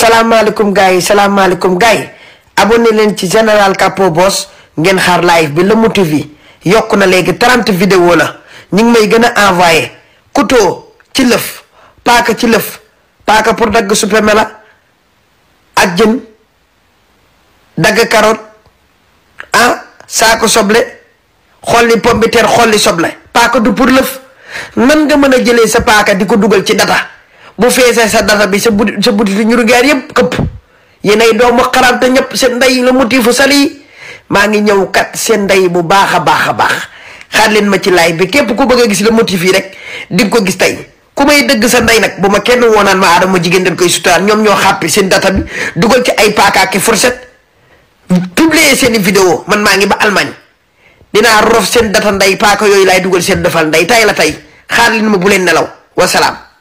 salaamaaleykum gaa yi salaamaaleykum gars yi abonné leen ci général Kapo Boss ngeen xaar live bi Lému TV yokk na léegi 30 vidéo la ñu ngi may gën a envoyé couteau ci lëf paaka ci lëf paaka pour dagg supéme la ak jën dagg carotte ah saako soble xolli pomme xolli soble paaka du pour lëf nan nga mën a jëlee sa paaka di ko dugal ci data boo feesee sa data bi sa buddi sa buddi ñu rugaar yëpp këpp yéenay doomu xaraam te ñëpp seen ndey la motifu sali maa ngi ñëw kat seen ndey bu baax a baax a baax xaar leen ma ci laay bi képp ku bëgg a gis la motif yi rek di ko gis tey ku may dëgg sa ndey nag bu ma kenn woonaan ma aadama jigéen dañ koy sutaan ñoom ñoo xàppi seen data bi dugal ci ay paakaaki fourchette publier seeni vidéo man maa ngi ba Allemagne dinaa rof seen data ndey paaka yooyu laay dugal seen defal ndey la tey xaar leen leen nelaw wasalaam